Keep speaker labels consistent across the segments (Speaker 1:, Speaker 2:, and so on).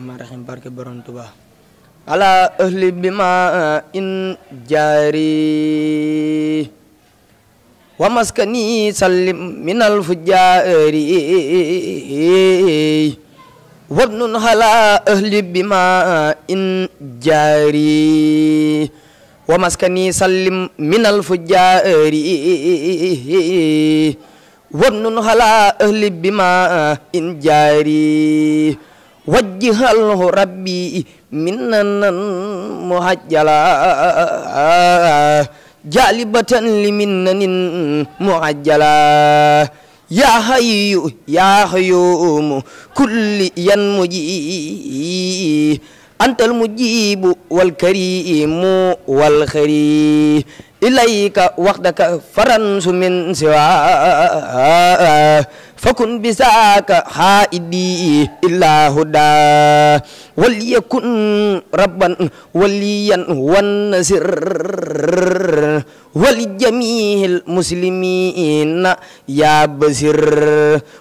Speaker 1: rahmaani rahiim barke borom Tuubaa ala ahli bima in jaari wa maskani sallim minal fujaari wabnun ala ahli bima in jaari wa maskani sallim minal fujaari wabnun ala ahli bima in jaari wajjihalhu rabbi minnan muhajjala jalibatan li minnanin muhajjala ya hayyu ya hayyumu kulli yan muji antal mujibu wal karimu wal khari ilayka waxdaka faransu min siwa fakun bisaaka haidi illa huda waliyakun rabban waliyan wan nasir ولجميع المسلمين يا بزر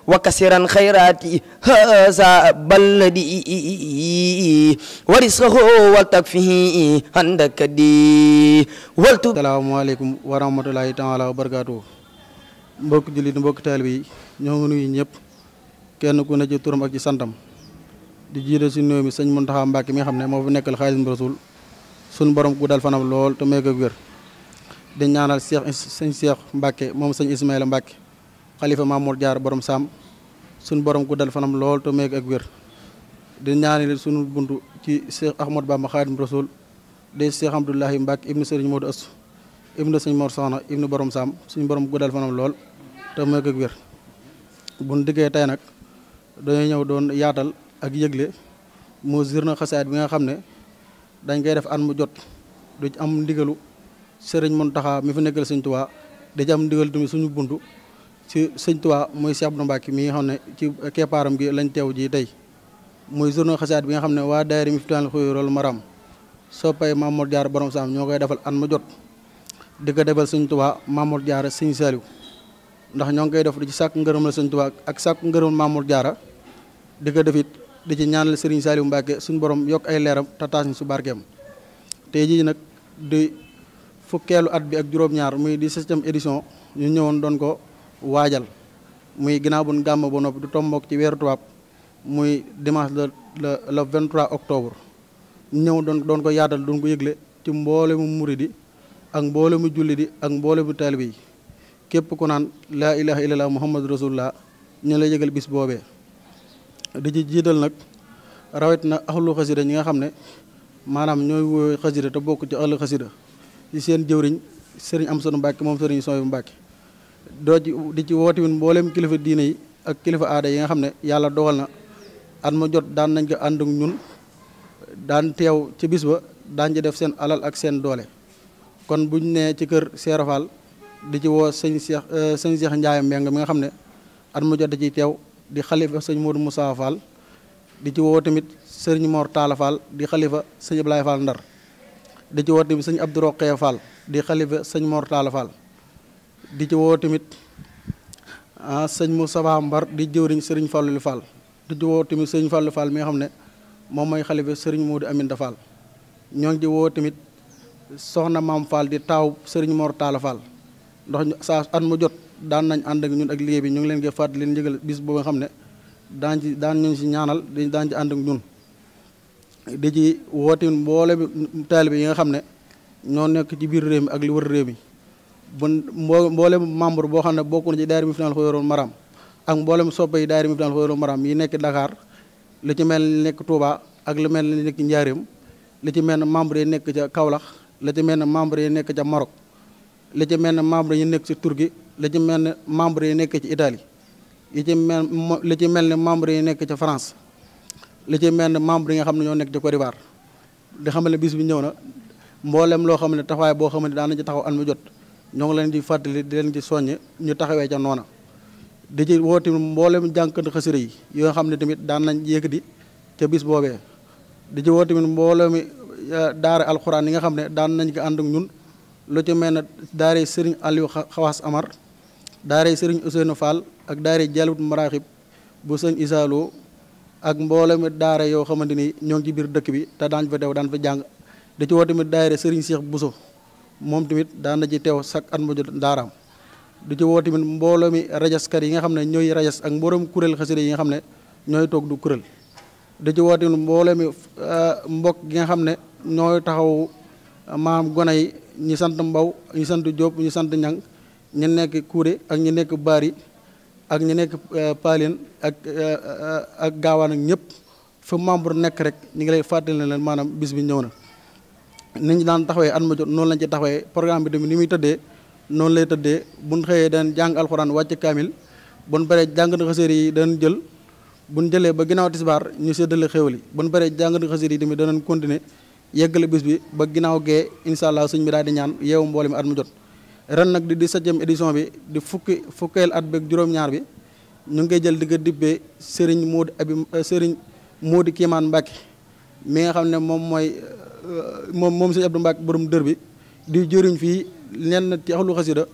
Speaker 1: وكسرا خيراتي هذا
Speaker 2: بلدي ورزقه والتكفيه عندك دي والتو السلام عليكم ورحمة الله تعالى وبركاته mbokk jullit mbokk taal bi ñoo ngi nuyu ñëpp kenn ku ne ci turam ak ci santam di jiite si nuyoo mi sëñ Muntaxa Mbàkke mi xam ne moo fi nekkal Xaadimu Rasuul suñ borom ku dal fanam lool te meek ak di ñaanal Cheikh sëñ Cheikh Mbacke moom sëñ Ismaïla Mbacke xalifa Mamour jaar boroom saam suñ borom guddal fanam lool te meeg ak wér di ñaanal suñu bunt ci Cheikh Ahmad Bamba Khadim Rasoul di Cheikh Abdoulahi moo ibnu sëriñ Modou Assou ibnu sëñ Mor Soxna ibnu borom saam suñu borom guddal fanam lool te meeg ak wér buñ diggee tey nag dañuy ñëw doon yaatal ak yëgle moo journée xasaayid bi nga xam ne dañ koy def at mu jot du am ndigalu sëriñ Mountakha mi fi nekkal sëñ Tuubaa da ci am ndigal tamit suñu bunt ci sëñ Tuubaa mooy Cheikh Abdou Mbacké mi nga xam ne ci keppaaram gi lañ teew ji tey muy journée xasaat bi nga xam ne waa mi daayira Miftaahul maram Maraam soppay Mamour Diarra borom saam ñoo koy defal an ma jot di ko defal sëñ Tuubaa Mamour Diarra sëñ Saliou ndax ñoo ngi koy def di ci sàkk ngërëm la sëñ ak sàkk ngërëm Mamour jaara di ko def it di ci ñaanal Serigne Saliou Mbacké suñ borom yokk ay leeram te taas ñu su barkeem tey jii nag fukkeelu at bi ak juróom-ñaar muy di septième édition ñu ñëwoon doon ko waajal muy ginaaw bu gàmm ba noppi du tombook ci weeru tubaab muy dimanche le le le 23 octobre ñëw doon doon ko yaatal doon ko yëgle ci mboole mu muridi ak mboole mu julli di ak mboole mu taalibe yi képp ku naan laa ilaha illallah muhammad rasulullah ñu la yëgal bis boobee di ci jiital nag rawet na axlu xasida ñi nga xam ne maanaam ñooy woy xasida te bokk ci axlu xasida ci seen jëwriñ sëriñ Amsatu Mbàkke moom sëriñ Sow Mbàkke doo ci di ci woote win kilifa diine yi ak kilifa aada yi nga xam ne yàlla dogal na at jot daan nañ ko ànd ak ñun daan teew ci bis ba daan def seen alal ak seen doole kon buñ nee ci kër Cheikh di ci woo sëñ Cheikh euh, sëñ Cheikh Ndiaye Mbengue mi nga xam ne at ma jot da ciy teew di xalifa sëñ Modou Moussa di ci woo tamit sëriñ Mor Talla di xalifa sëñ Ablaye Ndar di ci woo tamit sëñ Abdou Roqee Fall di xalifa sëñ Mortala Fall di ci woo tamit ah sëñ Moussa Mbar di jëwriñ sëriñ Fallou Fall di woo tamit sëriñ Fallou mi nga xam ne moom mooy xalifa sëriñ moo Modou Aminta Fall ñoo ngi ci woo tamit soxna Maam Fall di taaw sëriñ Mortala ndox ndax saa at mu jot daan nañ ànd ak ñun ak liggéey bi ñu ngi leen koy fàttali leen njëgal bis boobu nga xam ne daan ci daan ñu ci ñaanal daan ci ànd ak ñun. di ci woote mboole taalibe yi nga xam ne ñoo nekk ci biir réew mi ak li wër réew mi bu mboolem membre boo xam ne bokk na ci daayira Miftaahul Xuyuuril Maram ak mboolem soppe yi daayira Miftaahul Xuyuuril Maram yi nekk Dakar li ci mel ni nekk Touba ak li mel ni nekk Njaaréem li ci mel ne membre yi nekk ca Kaolack li ci mel ne membre yi nekk ca Maroc li ci mel ne membre yi nekk ci Turquie li ci mel ne membre yi nekk ci itali li ci mel li ci mel ne membre yi nekk ca farance li ci mel ne membre yi nga xam ne ñoo nekk ci Côte d'Ivoire di xamal ne bis bi ñëw na mbooleem loo xam ne taxawaay boo xam ne daan nañ ci taxaw an mu jot ñoo ngi leen di fàttali di leen ci soññ ñu taxawee ca noona di ci wooti mboolem jànkat xasira yi yoo xam ne tamit daan nañ yëkkati ca bis boobee di ci wooti mboolem eh, daara alxuraan yi nga xam ne daan nañ ko ànd ak ñun lu ci mel ne daara Serigne Aliou Xawaas Amar daara Serigne Ousseynou Fall ak daara Jalibul Maraaxib bu sëñ Isaaloo ak mboole mboolem daara yoo xamante ni ñoo ngi ci biir dëkk bi te daan fa teew daan fa jàng da ci woo tamit daayira Serigne Cheikh Bousso moom tamit daan na ci teew sak at mu jot daaraam du ci woo tamit mbooloo mi rajaskat yi nga xam ne ñooy rajas ak mboolem kuréel xasida yi xam ne ñooy toog du kuréel du ci woo tamit mbooloo mi euh, mbokk gi nga xam ne ñooy taxaw maam gone yi ñi sant mbaw ñi sant Diop ñi sant ñang ñi nekk Kuure ak ñi nekk baari ak ñu nekk euh, Paalén ak euh, euh, ak gaawaan ak ñëpp fa membre nekk rek ñu ngi lay fàttali ne leen maanaam bis bi ñëw na ni ñu daan taxawee at ma noonu lañ ci taxawee programme bi tamit ni muy tëddee noonu lay tëddee buñ xëyee daan jàng alxuraan wàcc kaamil buñ baree jàng na xaseer yi daan jël buñ jëlee ba ginnaaw tisbaar ñu séddale xéwal yi buñ baree jàng na xaseer yi tamit danañ continuer yeggale bis bi ba ginnaaw gee incha suñ bi daal di ñaan yeewu mboole at mu jot ren nag di dix-septième édition bi di fukki fukkeel at beeg juróom-ñaar bi ñu ngi koy jël di ko dibbee Serigne Modou Abib euh, Serigne moodi Kiimaan Mbacke mi nga xam ne moom mooy euh, moom moom Serigne Abdou Mbacke borom dër bi di jëriñ fii lenn ci axlu xasida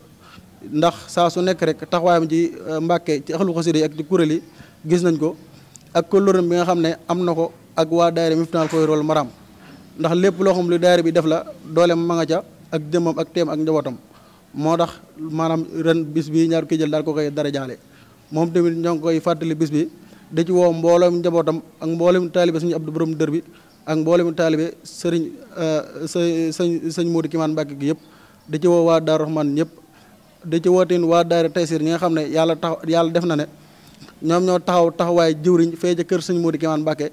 Speaker 2: ndax saa su nekk rek taxawaayam ci euh, Mbacke ci axlu xasida yi ak ci kuréel yi gis nañ ko ak kóllëram bi nga xam ne am na ko ak waa daayira Miftaahul Fawzayni wal Maram ndax lépp loo xam lu daayira bi def la doole ma nga ak jëmmam ak teem ak moo tax maanaam ren bis bi ñaar ki jël daal ko koy dara jaale moom tamit ñoo ngi koy fàttali bis bi da ci woo mboolem njabootam ak mboolem taalibe suñu Abdou borom dër bi ak mboolem taalibe sëriñ sa euh, sëñ sëñ Modou Kimane Mbacke gi yëpp da ci woo waa Daaru Rahman ñëpp da ci woo tamit waa Daara Taysir ñi nga xam ne yàlla tax yàlla def na ne ñoom ñoo taxaw taxawaay jiwriñ fee ca kër sëñ Modou Kimane Mbacke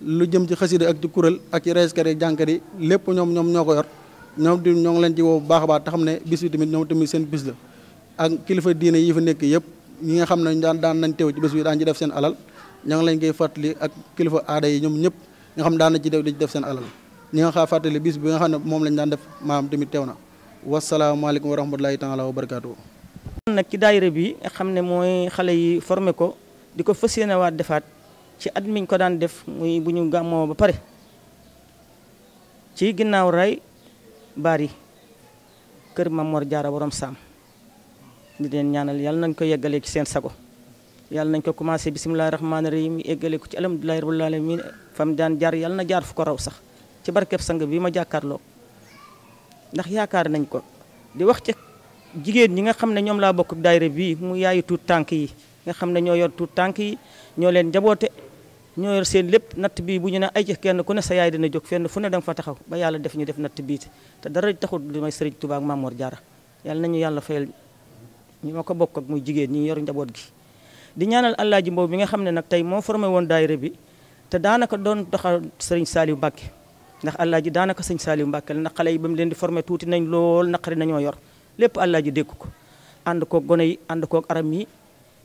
Speaker 2: lu jëm ci xasida ak ci kuréel ak ci reeskat yi jànkat yi lépp ñoom ñoom ñoo ko yor ñoom di ñoo ngi leen ci woo bu baax a baax te xam ne bis bi tamit ñoom tamit seen bis la ak kilifa diine yi fa nekk yëpp ñi nga xam ne daan daan nañ teew ci bis bi daan seen alal ñoo ngi leen koy fàttali ak kilifa aada yi ñoom ñëpp nga xam daan na ci def di ci seen alal ñi nga xam bi nga xam ne moom lañ daan def maam tamit teew na wasalaamaaleykum wa rahmatulahi taala wa barakaatu. nag ki daayira bi
Speaker 3: nga xam ne mooy xale yi formé ko di ko fas yéenewaat defaat ci at miñ ko daan def muy bu ñu gàmmoo ba pare ci ginnaaw ray bari kër Mamor Jaara waroom saam di leen ñaanal yàlla nañ ko yeggalee ci seen sago yàlla nañ ko commencé bisimilahi yi rahim eggale ko ci alhamdulilahi rabbil alamin fam daan jaar yàlla na jaar fu ko raw sax ci barkeb sang bi ma jàkkaarloo ndax yaakaar nañ ko di wax ci jigéen ñi nga xam ne ñoom laa bokk daayira bii mu yaayu tuut tànk yi nga xam ne ñoo yor tuut tànk yi ñoo leen jaboote ñoo yor seen lépp natt bii bu ñu ne ay ci kenn ku ne sa yaay dina jóg fenn fu ne danga fa taxaw ba yàlla def ñu def natt bii te dara taxul li may sëriñ Tuubaa ak moor Jaara yàlla nañu yàlla fayal ñi ma ko bokk ak muy jigéen ñi yor njaboot gi di ñaanal Alaaji Mbow bi nga xam ne nag tey moo formé woon daayira bi te daanaka doon doxal sëriñ Saliou Mbacke ndax Alaaji daanaka sëñ Saliou Mbacke la ndax yi ba leen di formé tuuti nañ lool naqari nañoo yor lépp Alaaji dégg ko ànd koog gone yi ànd koog aram yi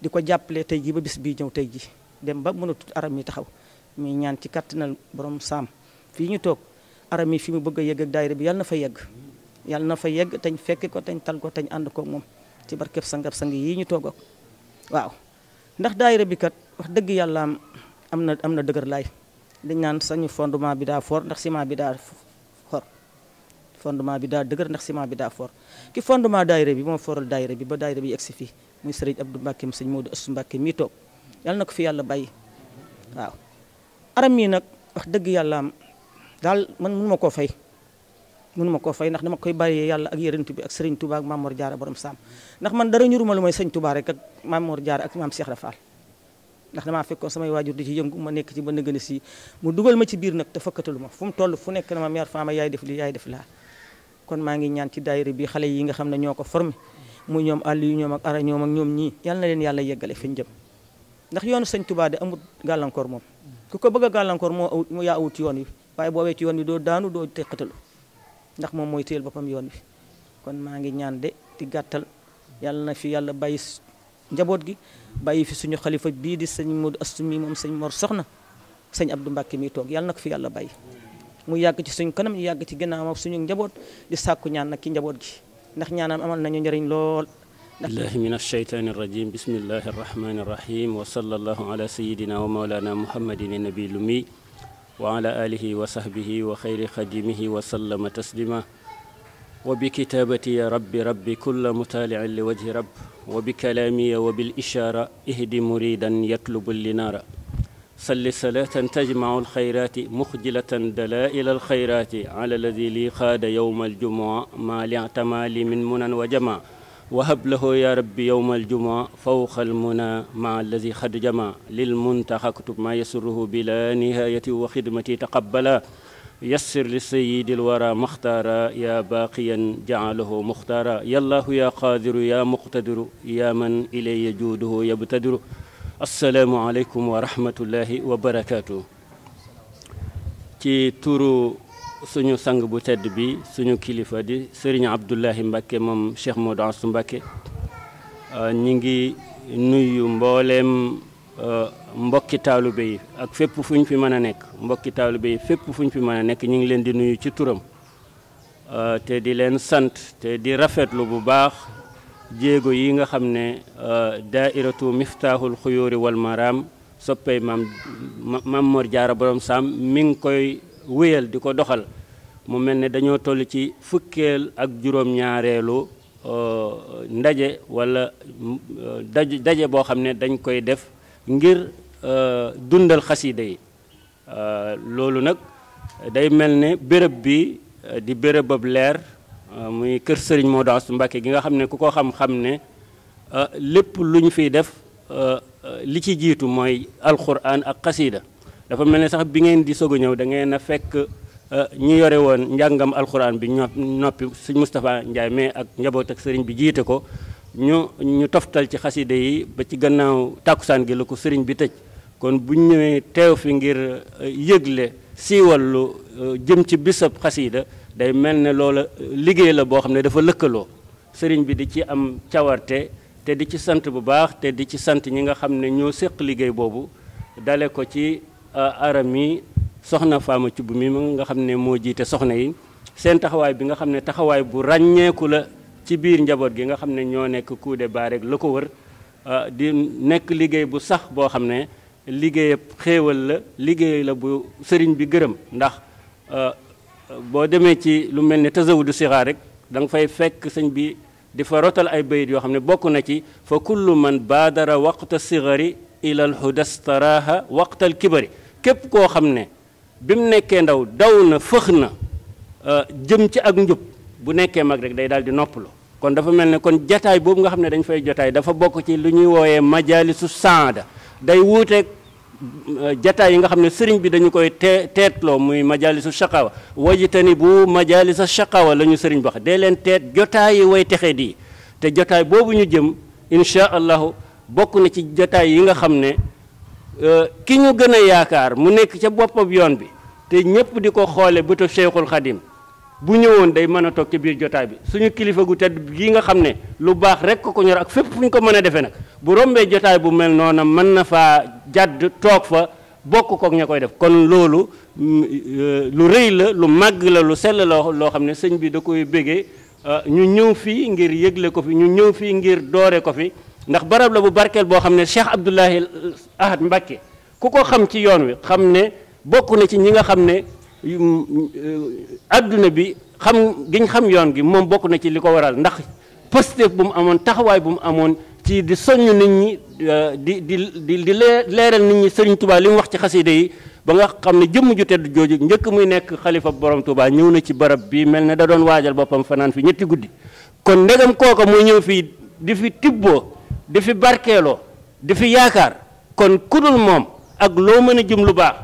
Speaker 3: di ko jàppale tey ji ba bis bii ñëw tey ji dem ba mënatut aram yi taxaw muy ñaan ci kattanal borom saam fii ñu toog aram mi fi mu bëgg a yegg ak daayira bi yàlla na fa yegg yàlla na fa yegg tañ fekki ko tañ tal ko tañ ànd ko moom ci barkeb sangab sang yii ñu toog waaw ndax daayira bi kat wax dëgg yàlla am na am na dëgër laay dañ naan sañu fondement bi daa fort ndax ciment bi daa xor fondement bi daa dëgër ndax ciment bi daa fort ki fondement daayira bi moo foral daayira bi ba daayira bi egsi fii muy sëriñ Abdou Mbacke sëñ Modou Assou Mbacke mii toog yal na ko fi yàlla bay waaw aram yi nag wax dëgg yàlla am daal man mënu ma koo fay ma koo fay ndax dama koy bàyyee yàlla ak yërëntu bi ak Serigne Touba ak Mamor Diarra borom saam ndax man dara ñuruma lu may sëñ Touba rek ak Mamor Diarra ak maam Cheikh Rafal ndax damaa fekkoon samay waajur di ci yëngu ma nekk ci ba nëgën si mu dugal ma ci biir nag te fëkkatalu ma fu mu toll fu nekk na ma meer faama yaay def li yaay def laa kon maa ngi ñaan ci daayira bi xale yi nga xam ne ñoo ko formé mu ñoom àll yu ñoom ak ara ñoom ak ñoom ñii yal yàlla yeggale fi ñu ndax yoon sëñ Tuubaa de amut gàllankoor moom ku ko bëgg a gàllankoor moo moo yaa awut yoon yi waaye boobee ci yoon wi doo daanu doo teqatalu ndax moom mooy téyel boppam yoon wi kon maa ngi ñaan de di gàttal yàlla na fi yàlla bàyyi njaboot gi bàyyi fi suñu xalifa bii di sëñ Modou mi moom sëñ Mor Soxna sëñ Abdou Mbacke mi toog yàlla na ko fi yàlla bàyyi mu yàgg ci suñ kanam ñu yàgg ci ginnaaw suñu njaboot di sàkku ñaan nag ki njaboot gi ndax ñaanam amal nañu njëriñ lool billahi
Speaker 4: min alsheytaani irrajim bismillahi arrahmani irrahim wa sallallahu ala sayidina wa maulana muhammadin nabi lu mi wa ala alihi wa sahbihi wa xayri xadimihi wa sallama taslima wa bi kitaabati ya rabbi rabbi kulla mutaaliin li wajhi rabb wa bi kalaamiya wa bil ishaara ihdi muridan yatlubu linaara salli salaatan tajmacu alxayraati muxjilatan dalaa'ila alxayraati ala alladi li xaada yowma aljumuca maa lictamaali min munan wa jamaa wahab lahu ya rabbi yowma aljuma fawqa almuna maa alladi xad jama lilmuntaxa kutub maa yasuruhu bila nihayati wa xidmati taqabbala yassir li sayidi alwara maxtaara ya baaqiyan jaalahu muxtaara yallaahu ya qaadiru ya muqtadiru ya man ilaya juuduhu yabtadiru asalaamu aleykum wa rahmatullahi wa barakaatu ci turu suñu sang bu tedd bi suñu kilifa di sëriñ Abdoulahi Mbacke moom Cheikh Modou Ansou Mbacke euh, ngi nuyu mbooleem euh, mbokki taalube ak fépp fu ñu fi mën a nekk mbokki taalube yi fépp fu ñu fi mën a nekk ñu ngi leen di nuyu ci turam euh, te di leen sant te di rafetlu bu baax jéego yi nga xam ne daairatu miftaaxul xuyóori wal maraam soppey maam Maam Mor Borom Saam mi koy wéyal di ko doxal mu mel ni dañoo toll ci fukkeel ak juróom-ñaareelu euh, ndaje walla euh, daj daje boo xam ne dañ koy def ngir euh, dundal xasida yi loolu nag day mel ne bërëb bi di bérébab leer muy kër sëriñ moo Astou Mbacké gi nga xam ne ku ko xam-xam ne lépp lu ñu fi def li ci jiitu mooy alquran ak xasida dafa mel ne sax bi ngeen di soog a ñëw dangeen a fekk euh, ñu yore woon njàngam alxuraan bi ño noppi sëñ Moustapha Ndiaye mais ak njaboot ak sëriñ bi jiite ko ñu ñu toftal ci xaside yi ba ci gannaaw tàkkusaan gi la ko sëriñ bi tëj kon buñ ñëwee teew fi ngir euh, yëgle siiwal lu euh, jëm ci bisab xasida day mel ne loola liggéey la boo xam ne dafa lëkkaloo sëriñ bi di ci am cawarte te di ci sant bu baax te di ci sant ñi nga xam ne ñoo séq liggéey boobu dale ko ci Euh, aram mi soxna Fama mii mi nga xam ne moo jiite soxna yi seen taxawaay bi nga xam ne taxawaay bu ràññeeku la ci biir njaboot gi nga xam ne ñoo nekk Coude Ba rek la ko wër euh, di nekk liggéey bu sax boo xam ne liggéeyab xéewal la liggéey la bu sëriñ bi gërëm ndax euh, boo demee ci lu mel ne tasawudu sixaar rek danga fay fekk sëñ bi di fa rotal ay bayit yoo xam ne bokk na ci fa kullu man baadara dara sigari ila alhuda staraha waqta alkibari képp koo xam ne bi mu nekkee ndaw daw na fëx na euh, jëm ci ak njub bu nekkee mag rek day daal di noppalu kon dafa mel ne kon jataay boobu nga xam ne dañ fay jotaay dafa bokk ci lu ñuy wooyee majalisu saada day wuuteeg euh, jataay yi nga xam ne sëriñ bi dañu koy tee teetloo muy majalisu shaqawa wajitani bu majalisa shaqawa la ñu sëriñ bi wax dee leen teet jotaay yi way texe di te jotaay boobu ñu jëm incha allahu bokk na ci jotaay yi nga xam ne Euh, ki ñu gën a yaakaar mu nekk ca boppam yoon bi te ñëpp di ko xoole bëtu Cheikhul Khadim bu ñëwoon day mën a toog ci biir jotaay bi suñu kilifa gu tedd gi nga xam ne lu baax rek ko ko ñor ak fépp fu ñu ko mën a defee nag bu rombee jotaay bu mel noona mën na faa jàdd toog fa bokk kook ña koy def kon loolu mm, euh, lu rëy la lu màgg la lu sel la loo xam ne sëñ bi da koy bégee euh, ñu ñëw fii ngir yëgle ko fi ñu ñëw fii ngir doore ko fi ndax barab la bu barkeel boo xam ne Cheikh Abdoulahi Ahad Mbacke ku ko xam ci yoon wi xam ne bokk na ci ñi nga xam ne euh, adduna bi xam giñ xam yoon gi moom bokk na ci li ko waral ndax positif bu mu amoon taxawaay bu mu amoon ci di soññ nit ñi euh, di di di di leeral nit ñi Sëriñ Tuubaa li mu wax ci xaside yi ba nga xam ne jëmm ju tedd jooju njëkk muy nekk xalifa borom Tuubaa ñëw na ci barab bi mel ne da doon waajal boppam fanaan fi ñetti guddi kon ndegam kooka moo ñëw fii di fi di fi barkeeloo di fi yaakaar kon ku dul moom ak loo mën a jëm lu baax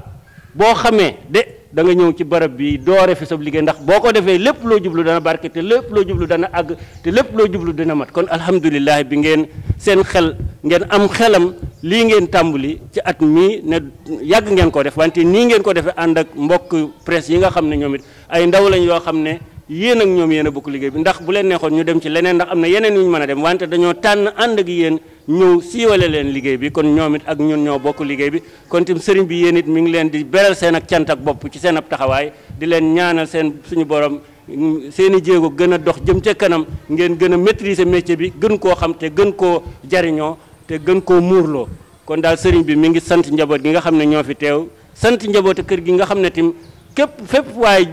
Speaker 4: boo xamee de da nga ñëw ci barab bii doore fi sab liggéey ndax boo ko defee lépp loo jublu dana barke te lépp loo jublu dana àgg te lépp loo jublu dina mat kon alhamdulilah bi ngeen seen xel ngeen am xelam lii ngeen tàmbali ci at mii ne yàgg ngeen ko def wante nii ngeen ko defee ànd ak mbokk presse yi nga xam ne ñoom it ay ndaw lañ yoo xam ne yéen ak ñoom yéen a bokk liggéey bi ndax bu leen neexoon ñu dem ci leneen ndax am na yeneen yu ñu mën a dem wante dañoo tànn ànd ak yéen ñëw siiwale leen liggéey bi kon ñoom it ak ñun ñoo bokk liggéey bi kon tim sëriñ bi yéen it mi ngi leen di beral seen ak cant ak bopp ci seen ab taxawaay di leen ñaanal seen suñu borom seen i jéego gën a dox jëm ca kanam ngeen gën a maîtriser métier bi gën koo xam te gën koo jariñoo te gën koo muurloo kon daal sëriñ bi mi ngi sant njaboot gi nga xam ne ñoo fi teew sant njabootu kër gi nga xam ne tim képp fépp waaye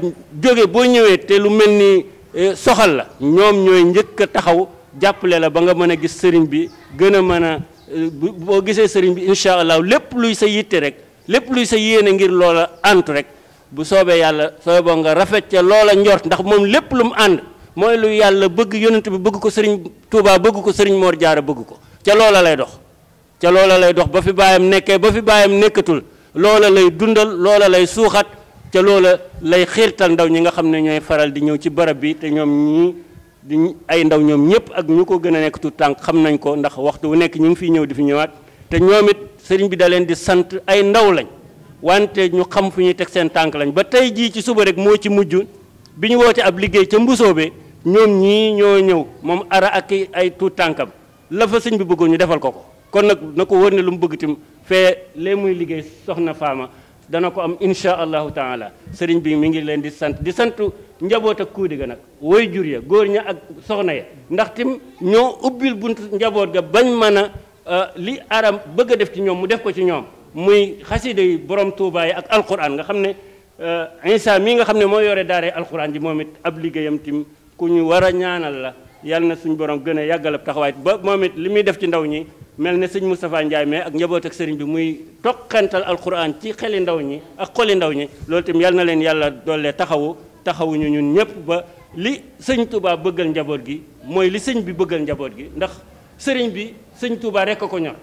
Speaker 4: jóge boo ñëwee te lu mel ni eh, soxal la ñoom ñooy njëkk taxaw jàppale la ba nga mën a gis sëriñ bi gën a mën a eh, boo gisee sëriñ bi incha allah lépp luy sa yitte rek lépp luy sa yéene ngir loola ànd rek bu soobee yàlla sooy boo nga rafet ca loola njort ndax moom lépp lu mu ànd mooy lu yàlla bëgg yonant bi bëgg ko sëriñ Touba bëgg ko sëriñ Mor Diarra bëgg ko ca loola lay dox ca loola lay dox ba fi baayam nekkee ba fi baayam nekkatul ca loola lay xiirtal ndaw ñi nga xam ne ñooy faral di ñëw ci barab bi te ñoom ñii di ay ndaw ñoom ñëpp ak ñu ko gën a nekk tout tànk xam nañ ko ndax waxtu wu nekk ñu ngi fi ñëw di fi ñëwaat te ñoom it sëriñ bi da leen di sant ay ndaw lañ wante ñu xam fu ñuy teg seen tànk lañ ba tey jii ci suba rek moo ci mujj bi ñu woote ab liggéey ca mbusoobe ñoom ñii ñoo ñëw moom ara ak ay tout tànkam la fa sëñ bi bëggoon ñu defal ko ko kon nag na ko wër ne lu mu bëgg tim fee muy liggéey soxna faama dana ko am insha allahu taala sëriñ bi mi ngi leen di sant di sant njaboot ak kuudi ga nag woy jur ya góor ña ak soxna ya ndax tim ñoo ubbil bunt njaboot ga bañ mën a euh, li aram bëgg a def ci ñoom mu def ko ci ñoom muy xasida yi borom tuubaay ak alquran nga xam ne euh, insa mii nga xam ne moo yore daaree alquran ji moom it ab liggéeyam tim ku ñu war a ñaanal la yàlla na suñu borom gën a yàggal ab taxawaay ba moom it li muy def ci ndaw ñi mel ne sëñ Moustapha Ndiaye mais ak njaboot ak sëriñ bi muy toqantal alquran ci xeli ndaw ñi ak xoli ndaw ñi loolu itam yal na leen yàlla doole taxawu taxawuñu ñun ñëpp ba li sëñ Touba bëggal njaboot gi mooy li sëñ bi bëggal njaboot gi ndax sëriñ bi sëñ Touba rekk a ko ñor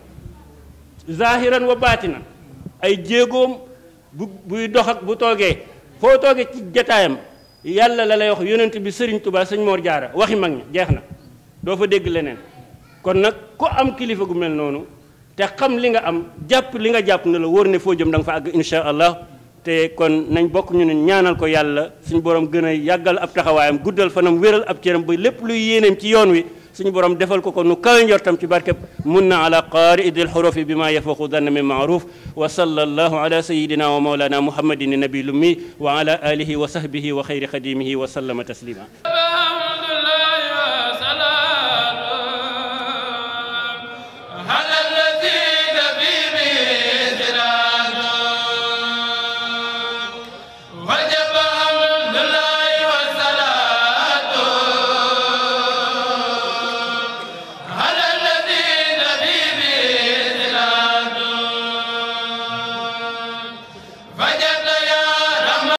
Speaker 4: zahiran wa baatinan ay jéegoom bu buy dox ak bu toogee foo toogee ci jataayam yàlla la lay wax yonent bi sëriñ Touba sëñ Mor Jaara waxi mag ñi jeex na doo fa dégg leneen kon nag ku am kilifa gu mel noonu te xam li nga am jàpp li nga jàpp na la wóor ne foo jëm da nga fa àgg insha allah te kon nañ bokk ñu nu ñaanal ko yàlla suñu borom gën a yàggal ab taxawaayam guddal fanam wéral ab cëram ba lépp luy yéeneem ci yoon wi suñu borom defal ko ko nu kawe njortam ci barkeb mun na ala qaari idil xurufi bi ma yafuqu danna min maaruf wa sallallahu ala sayidina wa maulana muhammadin nabi lummi wa ala alihi wa sahbihi wa xayri xadimihi wa sallama taslima